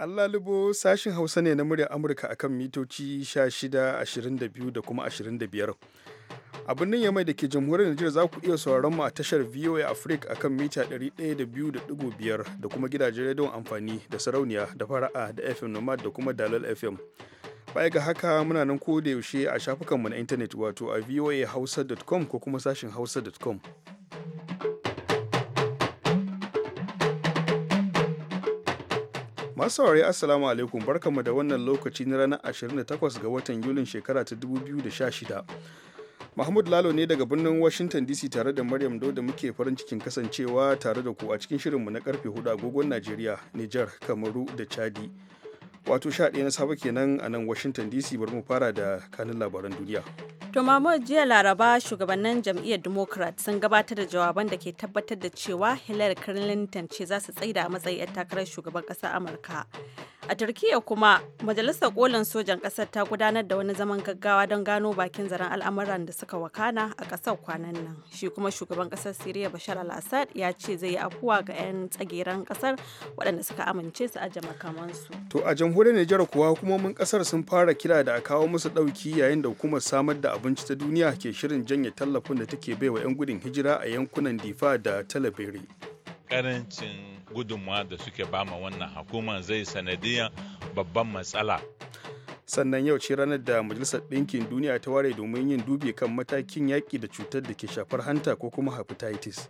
Allah libo sashin Hausa ne na muryar Amurka akan mitoci 16, 22 da kuma 25. a birnin yamai da ke jamhuriyar Najeriya za ku iya sauraron mu a tashar VOA Africa akan mita 102.5 da kuma gidajen rediyon amfani da sarauniya da fara'a da FM Nomad da kuma Dalal FM. baya ga haka muna nan ko da yaushe a shafukanmu na intanet wato a voahausa.com ko kuma sashin hausa.com masu saurari assalamu alaikum barkamu da wannan lokaci na ranar 28 ga watan yulin shekara ta 2016 Mahmud Lalo ne daga birnin Washington DC tare da Maryam do da muke farin cikin kasancewa tare da ku a cikin shirinmu na karfe 4 agogon Najeriya, Nijar, Kamaru da Chadi. wato sha ɗaya na safe kenan a nan washington dc bari mu fara da kanin labaran duniya to mamu jiya laraba shugabannin jam'iyyar democrat sun gabatar da jawaban da ke tabbatar da cewa hillary clinton ce za su tsaida a matsayin 'yan takarar shugaban ƙasar amurka A Turkiyya kuma Majalisar Kolin Sojan ƙasar ta gudanar da wani zaman gaggawa don gano bakin zaren al'amuran da suka wakana a ƙasar kwanan nan. Shi kuma shugaban ƙasar Siriya Bashar al-Assad ya ce zai yi afuwa ga 'yan tsageren ƙasar waɗanda suka amince su a makamansu. To a jamhuriyar Nijar kuwa hukumomin ƙasar sun fara kira da a kawo musu ɗauki yayin da hukumar samar da abinci ta duniya ke shirin janye tallafin da take baiwa 'yan gudun hijira a yankunan Difa da Talabere. Karancin gudunmawa da suke bama wannan hukuma zai sanadiyan babban matsala sannan yau ce ranar da majalisar ɗinkin duniya ta ware domin yin dubi kan matakin yaƙi da cutar da ke shafar hanta ko kuma hepatitis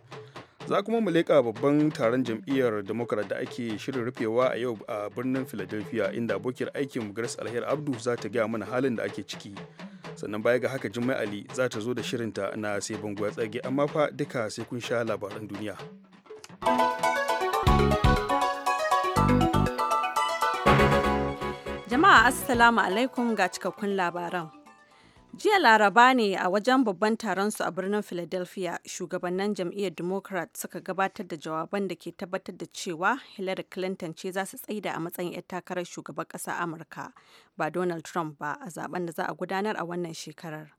za kuma mu leƙa babban taron jam'iyyar democrat da ake shirin rufewa a yau a birnin philadelphia inda abokiyar aikin grace alher abdu za ta gaya mana halin da ake ciki sannan baya ga haka jummai ali za ta zo da shirinta na sai bango ya tsage amma fa duka sai kun sha labaran duniya Jama'a Assalamu alaikum ga cikakkun labaran. Jiya Laraba ne a wajen babban taron su a birnin Philadelphia, shugabannin jam'iyyar Democrat suka gabatar da jawaban da ke tabbatar da cewa Hillary Clinton ce za su tsaida a matsayin 'yar takarar shugaban ƙasa Amurka ba Donald Trump ba a zaben da za a gudanar a wannan shekarar.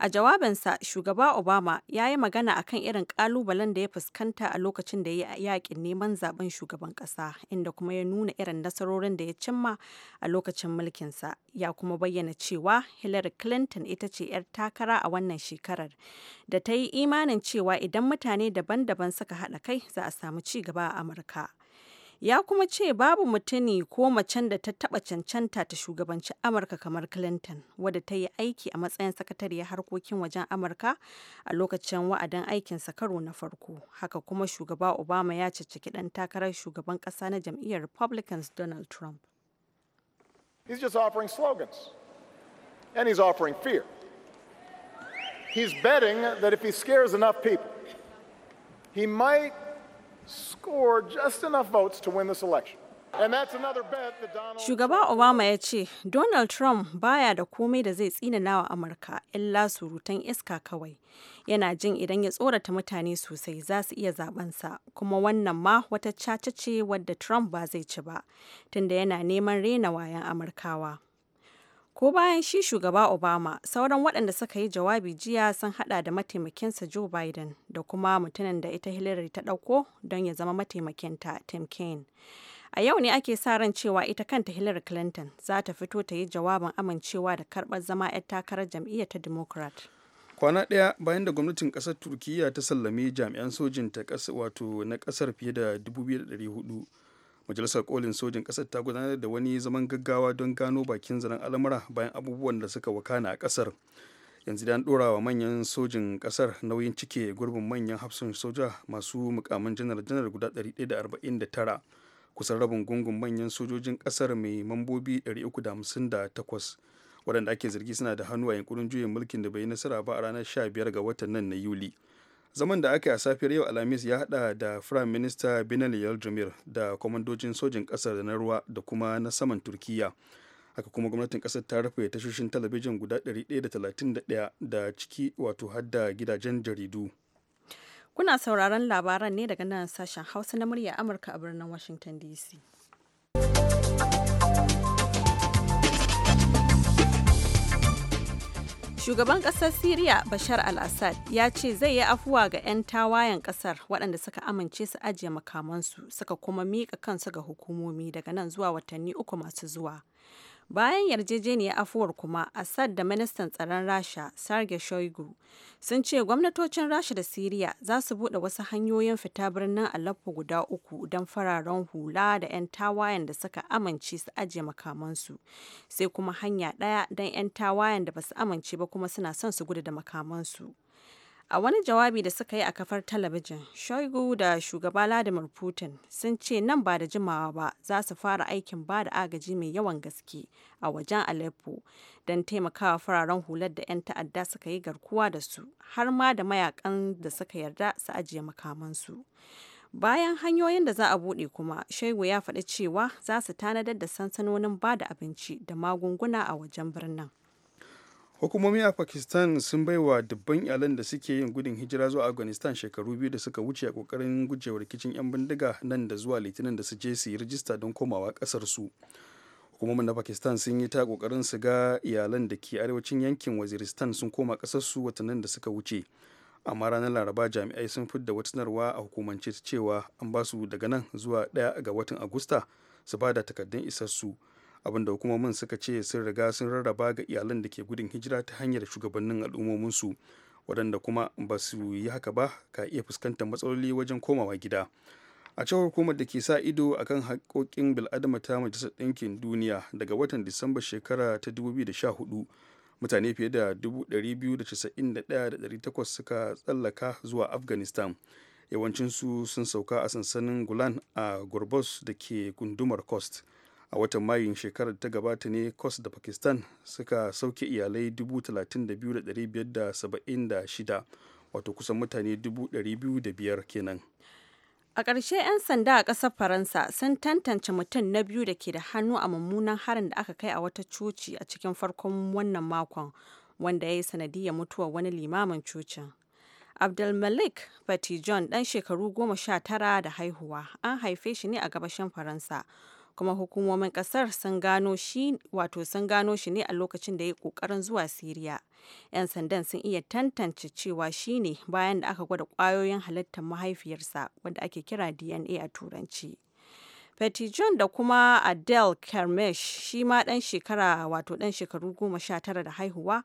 A jawabinsa, shugaba Obama ya yi magana akan irin kalubalen da ya fuskanta a lokacin da ya yi yakin neman zaben shugaban ƙasa inda kuma ya nuna irin nasarorin da ya cimma a lokacin mulkinsa. Ya kuma bayyana cewa Hillary Clinton ita ce 'yar takara a wannan shekarar, da ta yi imanin cewa idan mutane daban-daban suka haɗa kai za a samu ci gaba a Amurka. ya kuma ce babu mutuni ko macen da ta taba cancanta ta shugabanci amurka kamar clinton wadda ta yi aiki a matsayin sakatariyar harkokin wajen amurka a lokacin wa'adin aikin karo na farko haka kuma shugaba obama ya caccaki dan takarar shugaban kasa na jam'iyyar republicans donald trump he's just offering slogans and he's offering fear he's betting that if he scares enough people he might score just enough votes to win this election. Shugaba Obama ya ce, Donald Trump baya da komai da zai tsina nawa Amurka, illa surutan iska kawai. Yana jin idan ya tsorata mutane sosai za su iya zabansa, kuma wannan ma wata cace ce wadda Trump ba zai ci ba, tunda yana neman rena wayan Amurkawa. Ko bayan shi shugaba Obama, sauran waɗanda suka yi jawabi jiya sun hada da mataimakinsa Joe Biden da kuma mutumin da ita Hillary ta ɗauko don ya zama mataimakinta Tim Kaine. A yau ne ake sa ran cewa ita kanta Hillary Clinton za ta fito ta yi jawabin amincewa da karɓar zama 'yar takarar jam'iyyar ta Democrat. Kwana ɗaya bayan da gwamnatin ƙasar Turkiyya ta sallame jami'an sojin ta wato na ƙasar fiye da 2,400 majalisar kolin sojin kasar ta gudanar da wani zaman gaggawa don gano bakin zaren al'amura bayan abubuwan da suka wakana a kasar yanzu dan dora wa manyan sojin kasar nauyin cike gurbin manyan hafsun soja masu mukamin janar janar guda 149 kusan rabin gungun manyan sojojin kasar mai mambobi 358 waɗanda ake zargi suna da hannu a yankunan juyin mulkin da bai nasara ba a ranar 15 ga watan nan na yuli zaman da aka yi a safiyar yau alhamis ya hada da firayim minista binali yaldumir da kwamandocin sojin kasar da na ruwa da kuma na saman turkiya haka kuma gwamnatin kasar ta rufe tashoshin talabijin guda 131 da ciki wato hadda gidajen jaridu kuna sauraron labaran ne daga nan sashen hausa na murya amurka a birnin washington dc Shugaban ƙasar Siriya Bashar al-Assad ya ce zai yi afuwa ga 'yan tawayen ƙasar waɗanda suka amince su ajiye makamansu suka kuma miƙa kansu ga hukumomi daga nan zuwa watanni uku masu zuwa. Bayan yarjejeniyar afuwar kuma, Assad da ministan tsaron Rasha, Sergei Shoigu, sun ce gwamnatocin Rasha da Siriya za su bude wasu hanyoyin fita birnin Aleppo guda uku don fararen hula da 'yan tawayen da suka amince su ajiye makamansu, sai kuma hanya ɗaya don 'yan tawayen da ba su amince ba kuma suna son su gudu da makamansu. A wani jawabi da suka yi a kafar talabijin, Shoigu da shugaba Vladimir Putin sun ce nan ba da jimawa ba za su fara aikin ba da agaji mai yawan gaske a wajen Aleppo don taimakawa fararen hular da 'yan ta'adda suka yi garkuwa da su, har ma da mayakan da suka yarda su ajiye makamansu. Bayan hanyoyin da za a buɗe kuma, Shoigu ya faɗi cewa za su tanadar da sansanonin ba da abinci da magunguna a wajen birnin. hukumomi a pakistan sun bai wa dubban iyalan da suke yin gudun hijira zuwa afghanistan shekaru biyu da suka wuce a kokarin gujewa rikicin 'yan bindiga nan da zuwa litinin da su je su yi rijista don komawa kasar su hukumomin na pakistan sun yi ta kokarin su ga iyalan da ke arewacin yankin waziristan sun koma kasar su watannin da suka wuce amma ranar laraba jami'ai sun fidda wata sanarwa a hukumance cewa an ba su daga nan zuwa daya ga watan agusta su bada da takardun isar su abinda hukumomin suka ce sun riga sun rarraba ga iyalan da ke gudun hijira ta hanyar shugabannin al'ummominsu wadanda kuma ba su yi haka ba ka iya fuskantar matsaloli wajen komawa gida a cewar hukumar da ke sa ido akan haƙoƙin bil'adama ta majalisar ɗinkin duniya daga watan disamba shekara ta 2014 mutane fiye da 291,800 suka tsallaka zuwa afghanistan yawancinsu sun sauka a sansanin gulan a gorbos da ke gundumar coast a watan mayun shekarar ta gabata ne kos da pakistan suka sauke iyalai 32,576 wato kusan mutane 200,500 kenan A ƙarshe 'yan sanda a ƙasar Faransa sun tantance mutum na biyu da ke da hannu a mummunan harin da aka kai a wata coci a cikin farkon wannan makon wanda ya yi sanadiyar mutuwar wani limamin cocin. Abdulmalik Fatijon ɗan shekaru goma sha tara da haihuwa an haife shi ne a gabashin Faransa kuma hukumomin kasar sun gano shi wato sun gano shi ne a lokacin da ya kokarin zuwa Siriya. 'Yan sandan sun iya tantance cewa shi ne bayan da aka gwada kwayoyin halittar mahaifiyarsa wanda ake kira DNA a turanci. Petty John da kuma Adele Kermesh shi ma ɗan shekara wato ɗan shekaru goma sha tara da haihuwa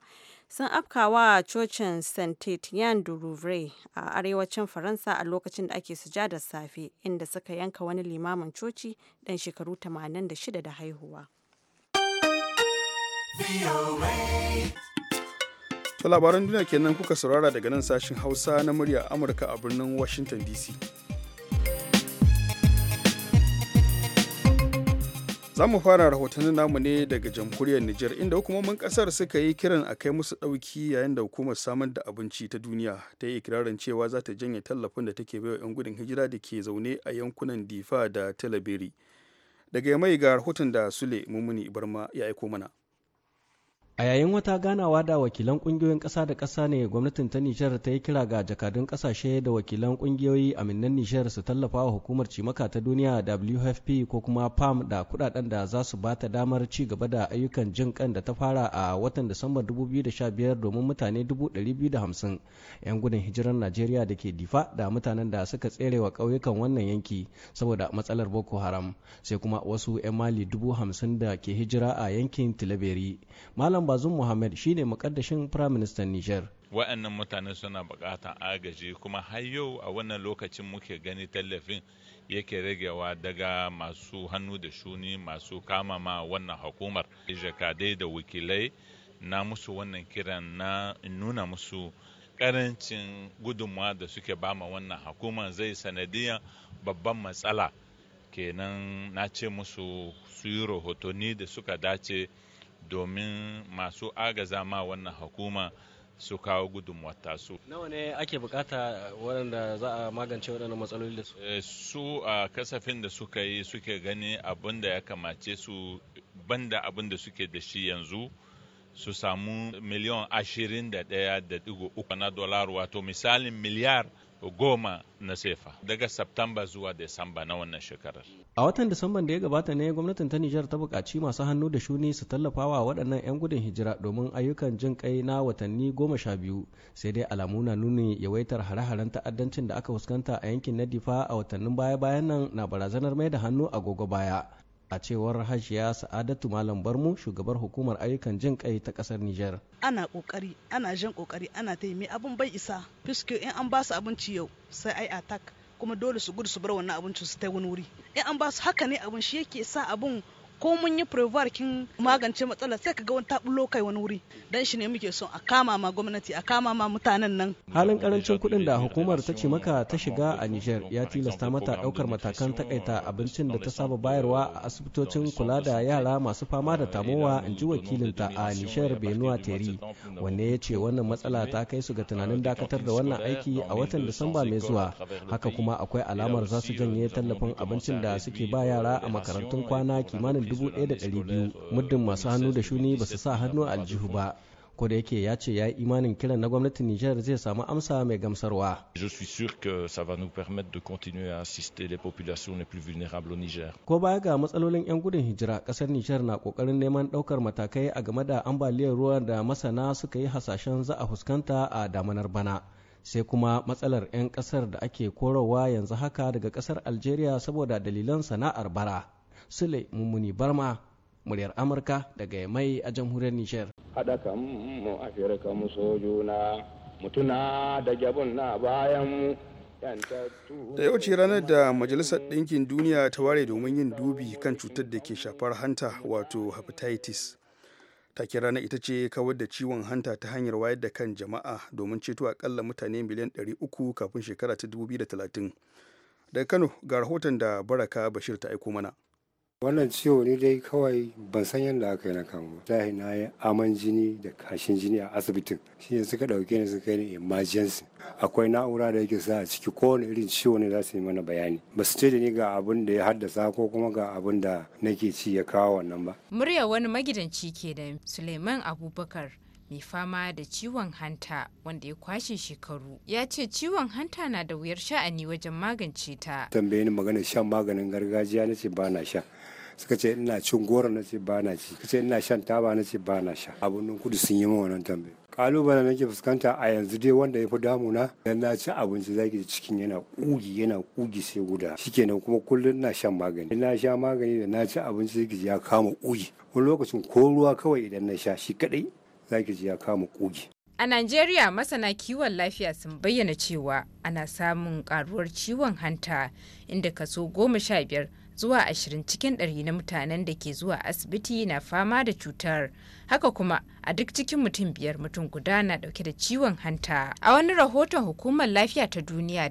sun afkawa cocin Saint-Étienne du Rouvray a arewacin Faransa a lokacin da ake sujadar safe inda suka yanka wani limamin coci dan shekaru 86 da haihuwa. Ta labaran duniya kenan kuka saurara daga nan sashin Hausa na murya Amurka a birnin Washington DC. za mu fara rahotannin namu ne daga jamhuriyar Nijar inda hukumomin kasar suka yi kiran a kai musu ɗauki yayin da hukumar samar da abinci ta duniya ta yi ikirarin cewa za ta janye tallafin da take baiwa 'yan gudun hijira da ke zaune a yankunan Difa da Talabiri. Daga mai ga rahoton da Sule Mumuni Barma ya aiko mana. a yayin wata ganawa da wakilan kungiyoyin ƙasa da kasa ne gwamnatin ta nijar ta yi kira ga jakadun kasashe da wakilan kungiyoyi aminan nijar su tallafa wa hukumar cimaka ta duniya wfp ko kuma pam da kudaden da za su bata damar ci gaba da ayyukan jin kan da ta fara a watan disambar 2015 domin mutane 250 'yan gudun hijirar najeriya da ke difa da mutanen da suka tsere wa ƙauyukan wannan yanki saboda matsalar boko haram sai kuma wasu 'yan mali 50 da ke hijira a yankin tilaberi malam bazum muhammad shine mukaddashin minister nijar wa'annan mutane suna bukatar agaji kuma har yau a wannan lokacin muke gani tallafin yake ragewa daga masu hannu da shuni masu kama ma wannan hukumar jakadai da wakilai na musu wannan kiran na nuna musu karancin gudunmawa da suke bama wannan hukumar zai sanadiyan babban matsala kenan na ce musu su yi rahotanni da suka dace domin masu agaza ma wannan hukuma su kawo wata su. Nawa ne ake bukata waɗanda za a magance waɗannan matsaloli da su? Eh, su a kasafin da suka yi suke gani abin da ya kamace su banda abin da suke da shi yanzu su samu miliyan ashirin da ɗaya da uku na dolar wato misalin miliyar goma na sefa daga Septamba zuwa Desamba na wannan shekarar. A watan Disamban da ya gabata ne gwamnatin ta Nijar ta buƙaci masu hannu da shuni su tallafawa waɗannan 'yan gudun hijira domin ayyukan jin kai na watanni goma sha biyu sai dai alamu na nuni yawaitar hare-haren ta'addancin da aka fuskanta a yankin na Difa a watannin baya-bayan nan na barazanar mai da hannu agogo baya. a cewar hajiya sa'adatu malam barmu shugabar hukumar ayyukan jin kai ta kasar nijar ana kokari ana jan kokari ana ta yi abun bai isa fiske in an ba su abinci yau sai ai attack kuma dole su gudu su bar wannan abincin su ta wani wuri in an ba su haka ne abin shi yake sa abun ko mun yi prevoir kin magance matsalar sai ka ga wani tabulo kai wani wuri dan shi ne muke son a kama ma gwamnati a kama ma mutanen nan halin karancin kuɗin da hukumar ta ce maka ta shiga a Niger ya tilasta mata ɗaukar matakan takaita abincin da ta saba bayarwa a asibitocin kula da yara masu fama da tamowa in ji wakilinta a Niger Benua Teri wanne ya ce wannan matsala ta kai su ga tunanin dakatar da wannan aiki a watan Disamba mai zuwa haka kuma akwai alamar za su janye tallafin abincin da suke ba yara a makarantun kwana kimanin 1,200 uh, muddin masu hannu da shuni ba su sa hannu a aljihu ba ko da yake ya ce ya yi imanin kiran na gwamnatin Nijar zai samu amsa mai gamsarwa. Je suis sûr que ça va nous permettre de continuer à assister les populations les plus vulnérables au Niger. Ko baya ga matsalolin 'yan gudun hijira, kasar Nijar na kokarin neman daukar matakai a game da ambaliyar ruwa da masana suka yi hasashen za a fuskanta a damanar bana. Sai kuma matsalar 'yan kasar da ake korowa yanzu haka daga kasar Algeria saboda dalilan sana'ar bara. Sule Mummuni Barma, muryar Amurka daga mai a jamhuriyar Nijar. Haɗa kan mu Afirka mu sojuna, mutuna da jabun na bayan mu da yau ce ranar da majalisar ɗinkin duniya ta ware domin yin dubi kan cutar da ke shafar hanta wato hepatitis take ranar ita ce kawar da ciwon hanta ta hanyar wayar da kan jama'a domin ceto akalla mutane miliyan 300 kafin shekara ta 2030 daga kano ga rahoton da baraka bashir ta aiko mana Wannan ciwo ne dai kawai ban san yadda aka yi na kamu. ba. na yi aman jini da kashin jini a asibitin. Shi ne suka dauke ni suka yi emergency. Akwai na'ura da yake sa a ciki kowane irin ciwo ne za su yi mana bayani. Ba su ce da ni ga abin da ya haddasa ko kuma ga abin da nake ci ya kawo wannan ba. Murya wani magidanci ke da Suleiman Abubakar. mai fama da ciwon hanta wanda ya kwashe shekaru ya ce ciwon hanta na da wuyar sha'ani wajen magance ta tambaye ni maganar shan maganin gargajiya na ce ba na sha suka ce ina cin goro na ce ba na ci suka ce ina shan taba na ce ba na sha abun kudu sun yi min wannan tambaye kalubalen nake fuskanta a yanzu dai wanda ya fi damuna dan na ci abinci zaki cikin yana kugi yana kugi sai guda shikenan kuma kullum na shan magani ina sha magani da na ci abinci zaki ya kama kugi wani lokacin ko ruwa kawai idan na sha shi kadai zaki ji ya kama kugi A Najeriya masana kiwon lafiya sun bayyana cewa ana samun karuwar ciwon hanta inda kaso goma sha biyar zuwa 20 cikin 100 na mutanen da ke zuwa asibiti na fama da cutar haka kuma a duk cikin mutum biyar mutum guda na dauke da ciwon hanta a wani rahoton hukumar lafiya ta duniya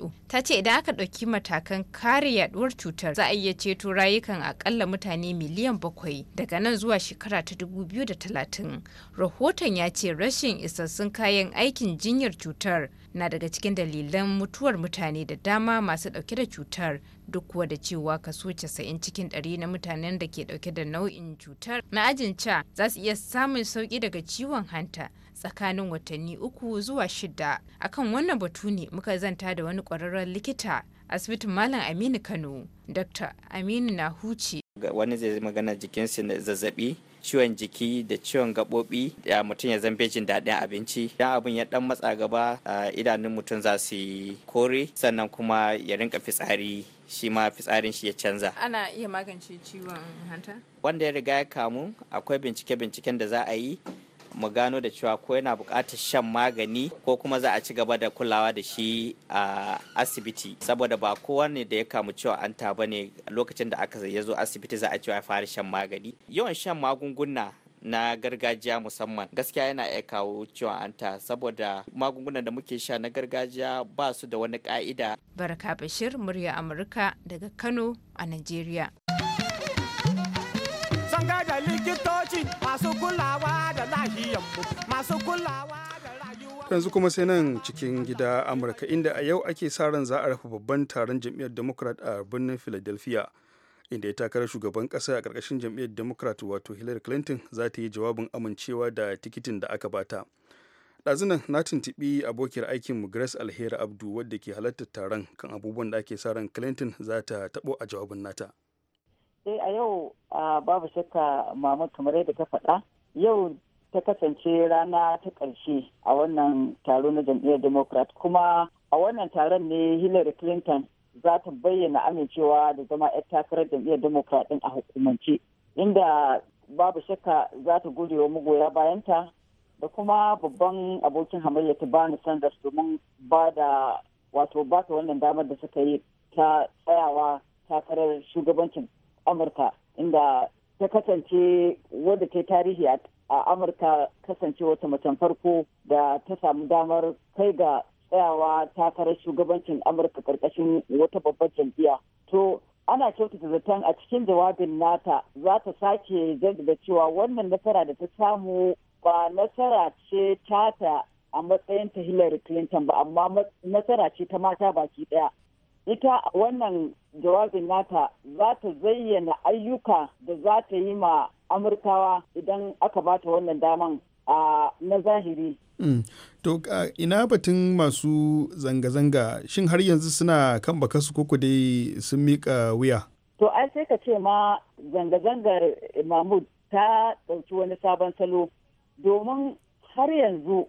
who ta ce idan aka dauki matakan kare yaduwar cutar za a iya ceto rayukan akalla mutane miliyan bakwai daga nan zuwa shekara ta 2030 rahoton ya ce rashin isassun kayan aikin jinyar cutar na daga cikin dalilan mutuwar mutane da dama masu dauke da cutar duk kuwa da cewa kaso 90 cikin 100 na mutanen da ke dauke da nau'in cutar na ajin ca za za su iya samun sauki daga ciwon hanta tsakanin watanni uku zuwa shida akan wannan batu ne muka zanta da wani ƙwararren likita asibitin malam aminu kano dr aminu na huce wani zai magana jikinsa zazzaɓi. ciwon jiki da ciwon gaɓoɓi da mutum ya zambe jin daɗin abinci idan abin ya ɗan matsa gaba idanun mutum za su yi kore sannan kuma ya rinka fitsari shi ma fitsarin shi ya canza ana iya magance ciwon hanta wanda ya riga ya kamu akwai bincike-binciken da za a yi mu gano da cewa ko yana buƙatar shan magani ko kuma za a ci gaba da kulawa da shi a asibiti saboda ba kowa ne da ya kamu cewa an ba ne lokacin da aka yazo asibiti za a cewa ya fara shan magani yawan shan magunguna na gargajiya musamman gaskiya yana iya kawo ciwon anta saboda magungunan da muke sha na gargajiya ba su da wani ka'ida. Barka Bashir murya Amurka daga Kano a Najeriya. Sanga da likitoci masu kulawa masu yanzu kuma sai nan cikin gida amurka inda a yau ake sa ran za a rafa babban taron jam'iyyar democrat a birnin philadelphia inda ya takarar shugaban kasa a karkashin jam'iyyar democrat wato hillary clinton za ta yi jawabin amincewa da tikitin da aka bata ɗazunan na tuntuɓi abokiyar aikin grace alheri abdu wadda ke halartar taron kan abubuwan da ake sa ran clinton za ta taɓo a jawabin nata sai eh, a yau ah, babu shakka mamu kamar yadda ta faɗa yau ta kasance rana ta ƙarshe a wannan taro na jam'iyyar democrat kuma a wannan taron ne hillary clinton za ta bayyana amincewa da zama 'yar takarar jam'iyyar democrat din a hukumance inda babu shakka za ta gode wa magoya bayanta da kuma babban abokin hamayya ta bani sanders domin ba da wato ba ta wannan damar da suka yi ta tsayawa takarar shugabancin amurka inda ta kasance wadda ta yi tarihi a a amurka kasance wata macen farko da ta samu damar kai ga tsayawa takarar shugabancin amurka karkashin wata babbar jam'iyya to ana kyautata zaton a cikin jawabin nata za ta sake jaddada cewa wannan nasara da ta samu ba nasara ce tata a matsayin ta hillary clinton ba amma nasara ce ta mata baki daya ita wannan jawabin nata za ta zayyana ayyuka da za ta yi ma amurkawa idan aka bata wannan daman na zahiri mm. to ina batun masu zanga-zanga shin har yanzu suna kan baka su koko dai sun miƙa wuya to ai sai ka ce ma zanga-zangar mahmud ta ɗauki wani sabon salo domin har yanzu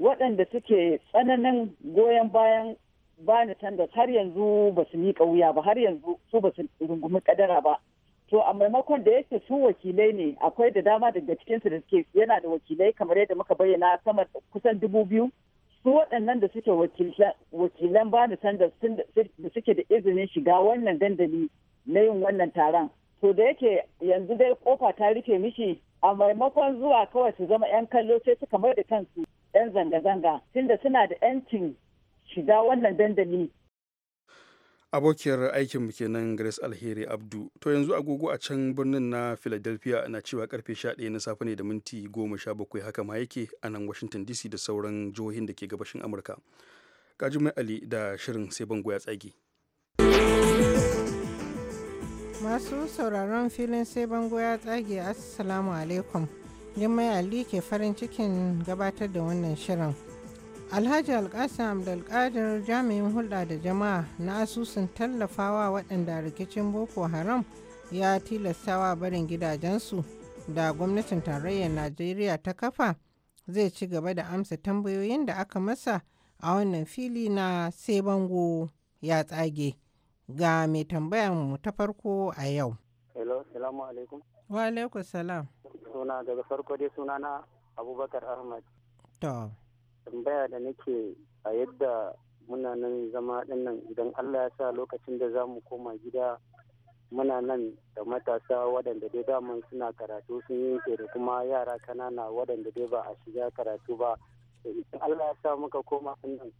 waɗanda suke tsananin goyon bayan bani tanda har yanzu ba su miƙa wuya ba har yanzu su ba su rungumi kadara ba to a maimakon da yake su wakilai ne akwai da dama daga cikinsu da suke yana da wakilai kamar yadda muka bayyana sama kusan dubu biyu su waɗannan da suke wakilan bani sanders da suke da izinin shiga wannan dandali na yin wannan taron to da yake yanzu dai kofa ta rufe mishi a maimakon zuwa kawai su zama 'yan kallo sai suka mai da kansu 'yan zanga-zanga tunda suna da 'yancin shiga wannan dandali abokiyar aikinmu kenan grace alheri abdu to yanzu agogo a can birnin na philadelphia na cewa karfe 11 na safe ne da minti 17 haka ma yake a nan washington dc da sauran jihohin da ke gabashin amurka mai ali da shirin sai bango ya tsage masu sauraron filin sai bango ya tsage assalamu alaikum jimai ali ke farin cikin gabatar da wannan shirin alhaji alkasam abdulkadir jami'in hulɗa da jama'a na asusun tallafawa waɗanda rikicin boko haram ya tilastawa barin gidajensu da gwamnatin tarayyar najeriya ta kafa zai ci gaba da amsa tambayoyin da aka masa a wannan fili na sai bango ya tsage ga mai tambayar mu ta farko a yau wa alaikum salam suna daga farko dai suna na abubakar ahmad tambaya da nake a yadda muna nan zama dinnan idan allah ya sa lokacin da za mu koma gida muna nan da matasa waɗanda dai daman suna karatu sun ke da kuma yara kanana waɗanda dai ba a shiga karatu ba idan allah ya sa muka koma nan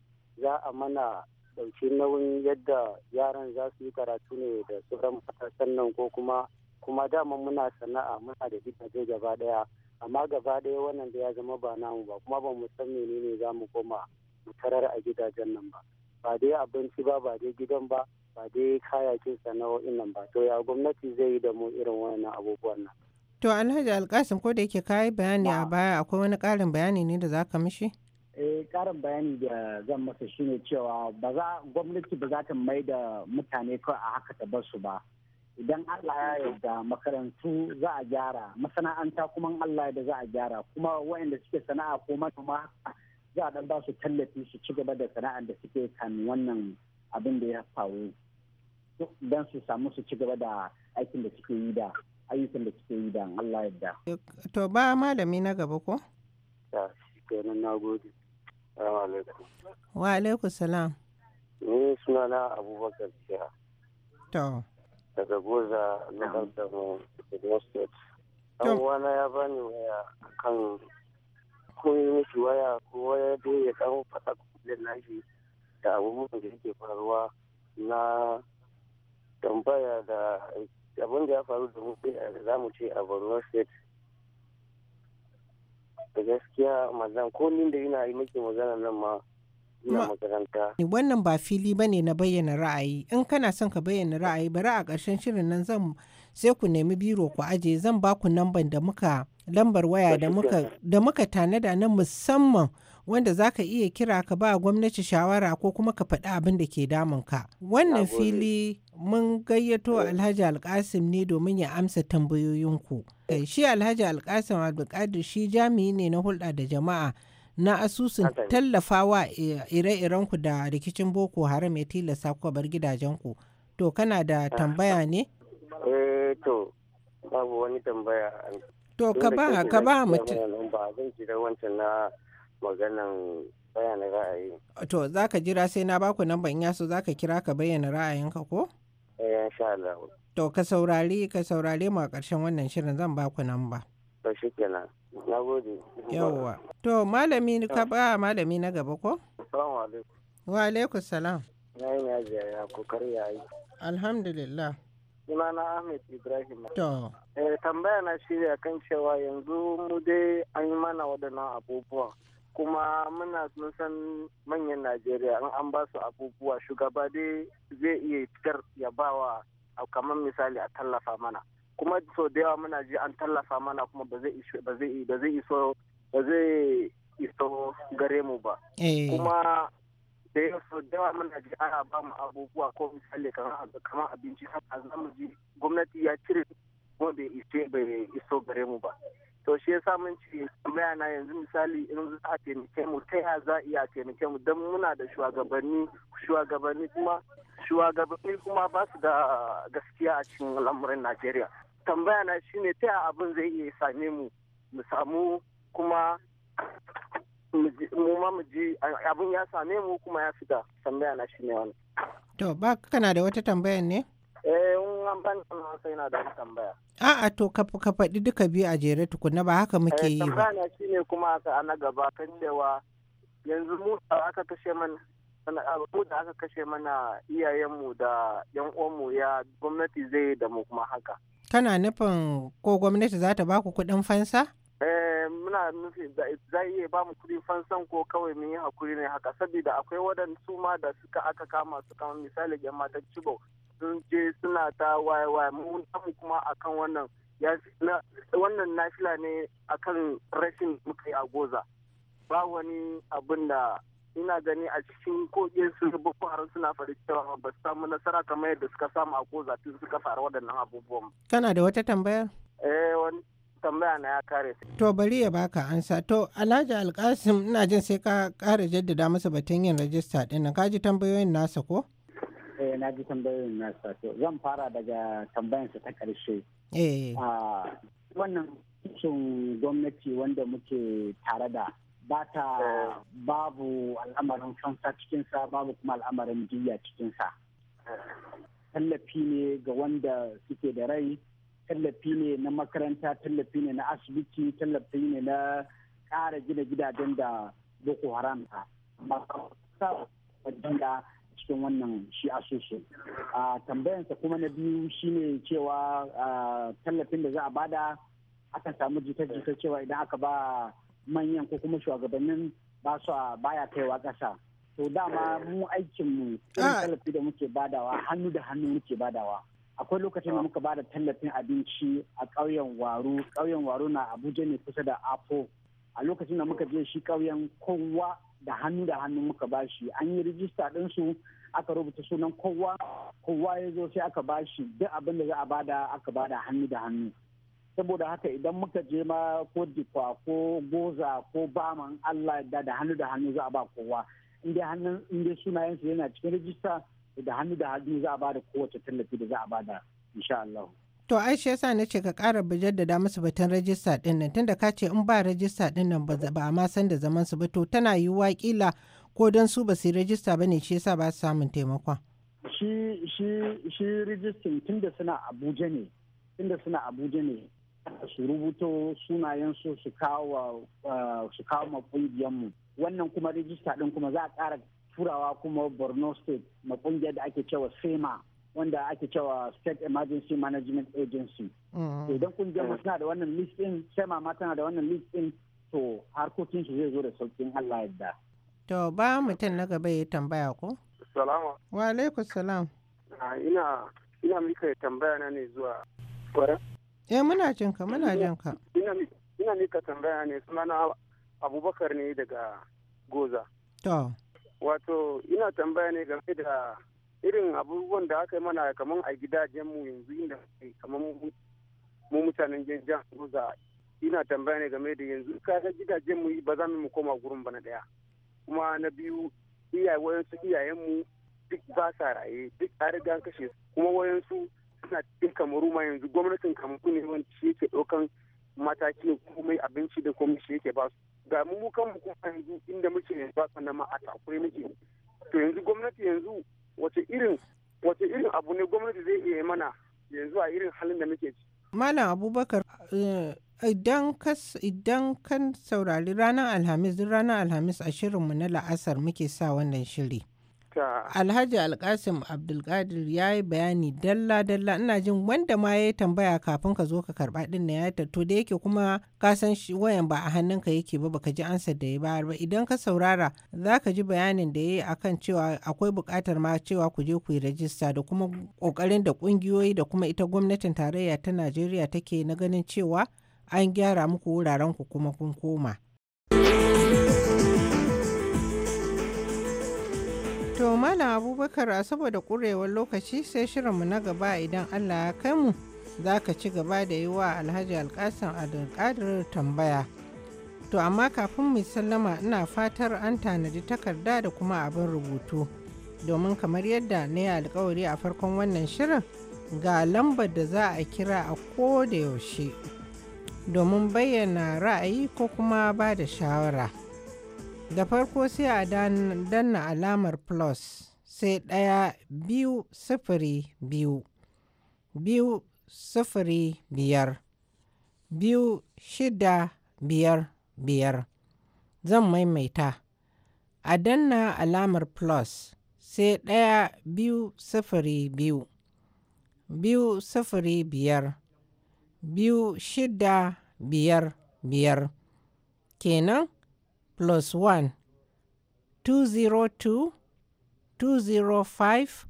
za a mana ɗauki nauyin yadda yaran za su yi karatu ne da sauran matasan nan ko kuma kuma dama muna sana'a muna da gidaje gaba ɗaya amma gaba ɗaya wannan da ya zama ba namu ba kuma ba mu san menene za mu koma mu tarar a gidajen nan ba ba dai abinci ba ba dai gidan ba ba dai kayakin sana'o'in nan ba to ya gwamnati zai yi da mu irin wannan abubuwan nan to alhaji alkasim ko da yake kayi bayani a baya akwai wani ƙarin bayani ne da za ka mishi eh karin bayani da zan masa shine cewa ba za gwamnati ba za ta mai da mutane kawai a haka ta bar su ba idan Allah ya yarda makarantu za a gyara masana'anta kuma Allah da za a gyara kuma waɗanda suke sana'a ko manoma za a dan ba su tallafi su ci gaba da sana'ar da suke kan wannan abin da ya faru don su samu su ci gaba da aikin da suke yi da ayyukan da suke yi da Allah ya yarda. To ba malami na gaba ko? Ta shi kenan na gode. Wa alaikum salam. Ni suna na Abubakar Kira. To. daga goza local government Borno state dan uwana ya bani waya kan ko yi miki waya ko waya dai ya dan faɗa kuɗin nashi da abubuwan da yake faruwa na tambaya da abin da ya faru da mu za mu ce a Borno state da gaskiya mazan ko da yana yi maki magana nan ma Wannan ba fili ba ne na bayyana ra'ayi. In kana son ka bayyana ra'ayi bari a ƙarshen shirin nan zan sai ku nemi biro ku aje zan ba ku lambar da muka lambar waya da muka da muka tanada na musamman wanda za ka iya kira ka ba gwamnati shawara ko kuma ka faɗi abin da ke ka. Wannan fili mun gayyato eh. Alhaji Alkasim ne domin ya amsa tambayoyinku. Eh, shi Alhaji Alkasim Abdulkadir shi jami'i ne na hulɗa da jama'a na asusun tallafawa ire-irenku da rikicin boko haram ya tilasta ku bar gidajenku to kana da ah. tambaya ne eh to babu wani tambaya to ka ba ka ba mutum ba zan jira wancan na maganan bayanan ra'ayi to zaka jira sai na baku nan ban yaso zaka kira ka bayyana ra'ayinka ko eh insha Allah to ka saurari ka saurare mu a ƙarshen wannan shirin zan baku nan ba to shi kenan na gode yawwa to malami ka ba malami na gaba ko assalamu alaikum wa alaikum salam na yi na ya kokari ya yi alhamdulillah Ina na ahmed ibrahim to eh tambaya na shirya kan cewa yanzu mu dai an yi mana waɗannan abubuwa. kuma muna sun san manyan najeriya an an ba su abubuwa shugaba dai zai iya fitar ya bawa kamar misali a tallafa mana kuma sau da yawa muna ji an tallafa mana kuma ba zai iso ba zai iso gare mu ba eh. kuma da yawa sau da yawa muna ji ana ba mu abubuwa ko misali kamar abinci haka za mu ji gwamnati ya cire kuma bai iso bai iso gare mu ba to shi yasa mun ci kuma na yanzu misali in za a taimake mu ta ya za iya taimake mu don muna da shugabanni shugabanni kuma shugabanni kuma ba su da gaskiya a cikin lamarin Najeriya tambaya na ne ta abin zai iya same mu mu samu kuma mu ma mu ji abin ya same mu kuma ya fita tambaya na shi ne wani. To ba kana da wata tambayan ne? Eh in an ban sai na da tambaya. A'a to ka ka faɗi duka biyu a jere tukunna ba haka muke eh, yi ba. Tambaya na ne kuma aka ana gaba kan cewa yanzu mu aka kashe mana abu da aka kashe mana iyayenmu da yan uwanmu ya gwamnati zai da mu kuma haka. Kana nufin ko gwamnati za ta ba ku kuɗin fansa? Eh, muna nufi za iya ba mu kuɗin fansan ko kawai mun yi hakuri ne haka saboda akwai waɗansu ma da suka aka kama su kama misali yan matan cibo sun je suna ta waye waye mun mu kuma akan wannan wannan nafila ne akan rashin muka a goza ba wani abin da ina gani a cikin kogin su boko haram suna fari cewa ba su samu nasara kamar yadda suka samu a ko zafi suka faru waɗannan abubuwan. kana da wata tambaya. eh wani tambaya na ya kare to bari ya baka ansa to alhaji alkasim ina jin sai ka kara jaddada masa batun yin rajista ɗin ka ji tambayoyin nasa ko? eh na ji tambayoyin nasa to zan fara daga sa ta ƙarshe. eh ah, wannan gwamnati wanda muke tare da ba ta eh. babu al'amarin fansa cikinsa babu kuma al'amarin jiya cikinsa tallafi ne ga wanda suke da rai tallafi ne na makaranta tallafi ne na asibiti tallafi ne na ƙara gina gidajen da boko haram ta da cikin wannan shi asusu a tambayansa kuma na biyu shine cewa tallafin da za a bada akan samu jita-jita cewa idan aka ba manyan ko kuma shugabannin ba su baya kaiwa ƙasa to dama mu aikin mu ah. tallafi da muke badawa hannu da hannu muke badawa akwai lokacin da muka bada tallafin abinci a ƙauyen waru ƙauyen waru na abuja ne kusa da apo a lokacin da muka je shi ƙauyen kowa da hannu da hannu muka ba shi an yi rijista ɗinsu aka rubuta sunan kowa kowa ya zo sai aka ba shi duk abin da za a bada aka bada hannu da hannu saboda haka idan muka je ma ko dikwa ko goza ko baman allah da da hannu da hannu za a ba kowa inda hannun inda sunayensu yana cikin rijista da hannu da hannu za a ba da kowace tallafi da za a ba da insha allah to ai shi na ce ka ƙara da masu batun rajista din nan tunda ka ce in ba rajista din nan ba a ma san da zaman su ba to tana yiwuwa kila ko don su ba su rajista ba ne shi yasa ba su samun taimakon shi shi shi rijistin tunda suna Abuja ne tunda suna Abuja ne su rubuto sunayensu su kawo uh, su kawo ma mu wannan kuma rijista din kuma za a ƙara turawa kuma borno state ma kungiyar da ake cewa sema wanda ake cewa state emergency management agency mm-hmm. idan kungiyar suna da wannan list sema ma tana da wannan list to harkokin su zai zo da saukin allah yadda to ba mutum na gaba ya tambaya ko wa alaikum salam ah, ina ina mika tambaya na ne zuwa Eh muna jin ka muna jin ka. Ina mika tambaya ne sunana Abubakar ne daga Goza. To. Wato ina tambaya ne game da irin abubuwan da aka yi mana kamar a gidajen mu yanzu inda kamar mu mutanen jan Goza ina tambaya ne game da yanzu kaga gidajen mu ba za mu koma gurin bana daya. Kuma na biyu iyayen su iyayen mu duk ba sa raye duk an riga kashe kuma wayansu suna cikin kamaru ma yanzu gwamnatin kamaru ne wanda shi yake ɗaukan mataki komai abinci da komai shi yake ba su ga mu kanmu kuma yanzu inda muke yanzu ba sannan ma a takure muke to yanzu gwamnati yanzu wace irin wace irin abu ne gwamnati zai iya mana yanzu a irin halin da muke ci malam abubakar eh, idan idan kan saurari ranar alhamis duk ranar alhamis a shirinmu na la'asar muke sa wannan shiri barka. Alhaji Alkasim Abdulkadir ya yi bayani dalla-dalla ina jin wanda ma ya yi tambaya kafin ka zo ka karba din na ya to da yake kuma ka san shi wayan ba a ka yake ba baka ji ansa da ya bayar ba idan ka saurara za ka ji bayanin da ya yi akan cewa akwai bukatar ma cewa ku je ku yi rajista da kuma ƙoƙarin da ƙungiyoyi da kuma ita gwamnatin tarayya ta Najeriya take na ganin cewa an gyara muku wuraren ku kuma kun koma. To Malam Abubakar a saboda ƙurewar lokaci sai shirinmu na gaba idan Allah ya kai mu za ka ci gaba da yi wa Alhaji alkasan Abdulkadir tambaya. To amma kafin mu sallama ina fatar an tanadi takarda da kuma abin rubutu. Domin kamar yadda na yi alkawari a farkon wannan shirin ga lambar da za a kira a ko da yaushe. Domin bayyana ra'ayi ko kuma ba da shawara. da farko sai a danna alamar plus sai ɗaya biyu sifiri biyu biyu sifiri biyar biyu shida biyar biyar zan maimaita a danna alamar plus sai ɗaya biyu sifiri biyu biyu sifiri biyar biyu shida biyar biyar kenan plus 1 202 205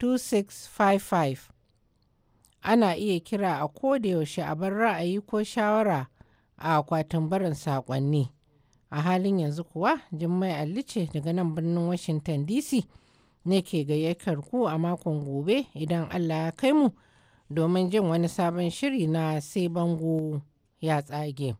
2655 ana iya kira a kodayaushe a bar ra'ayi ko shawara a akwatin barin saƙonni a halin yanzu kuwa jimmai allice daga nan birnin washington dc ne ke gayyatar ku a makon gobe idan allah ya kai mu domin jin wani sabon shiri na sai bango ya tsage.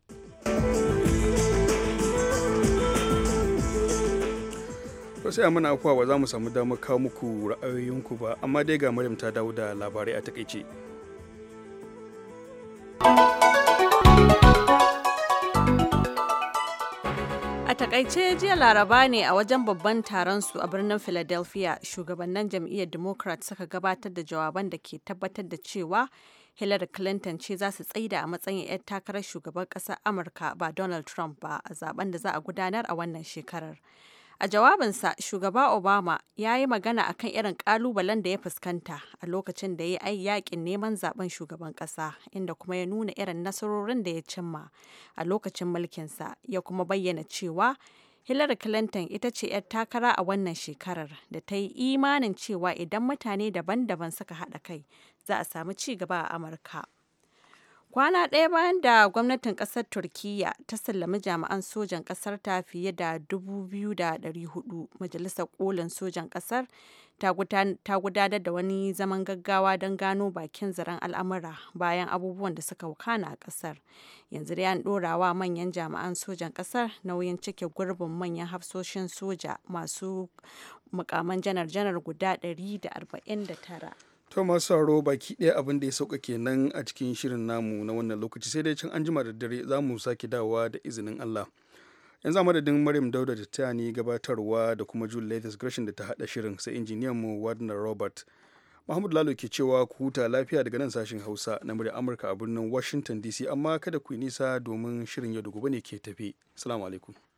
ko sai mana akuwa ba za mu samu damar kawo muku ra'ayoyinku ba amma dai ga maryam ta dawo da labarai a takaice A takaice jiya laraba ne a wajen babban taron su a birnin Philadelphia shugabannin jam'iyyar Democrat suka gabatar da jawaban da ke tabbatar da cewa Hillary Clinton ce za su tsaida a matsayin 'yar takarar shugaban ƙasar Amurka ba Donald Trump ba a zaben da za a gudanar a wannan shekarar. A jawabinsa, Shugaba Obama ya yi magana akan irin ƙalubalen da ya fuskanta a lokacin da ya yi yakin neman zaben shugaban ƙasa, inda kuma ya nuna irin nasarorin da ya cimma a lokacin mulkinsa, ya kuma bayyana cewa Hillary Clinton ita ce 'yar takara a wannan shekarar da ta yi imanin cewa idan mutane daban-daban suka haɗa kai, za a samu ci gaba a Amurka. Kwana ɗaya bayan da gwamnatin ƙasar Turkiyya ta sallami jami'an sojan ƙasar ta fiye da 2,400, Majalisar ƙolin Sojan ƙasar ta gudanar da wani zaman gaggawa don gano bakin zaren al'amura bayan abubuwan da suka wakana a ƙasar. Yanzu dai an ɗorawa manyan jami'an sojan ƙasar nauyin cike gurbin manyan hafsoshin soja masu mukaman janar-janar guda 149. Thomas masu baki ɗaya abin da ya sauka kenan a cikin shirin namu na wannan lokaci sai dai can an jima da dare za mu sake dawowa da izinin allah yanzu a madadin maryam dauda da ta ni gabatarwa da kuma jule latest gresham da ta haɗa shirin sai injiniyan mu wadner robert Mahmud Lalo ke cewa ku huta lafiya daga nan sashen Hausa na murya Amurka a birnin Washington DC amma kada ku yi nisa domin shirin yau da gobe ne ke tafi. Assalamu alaikum.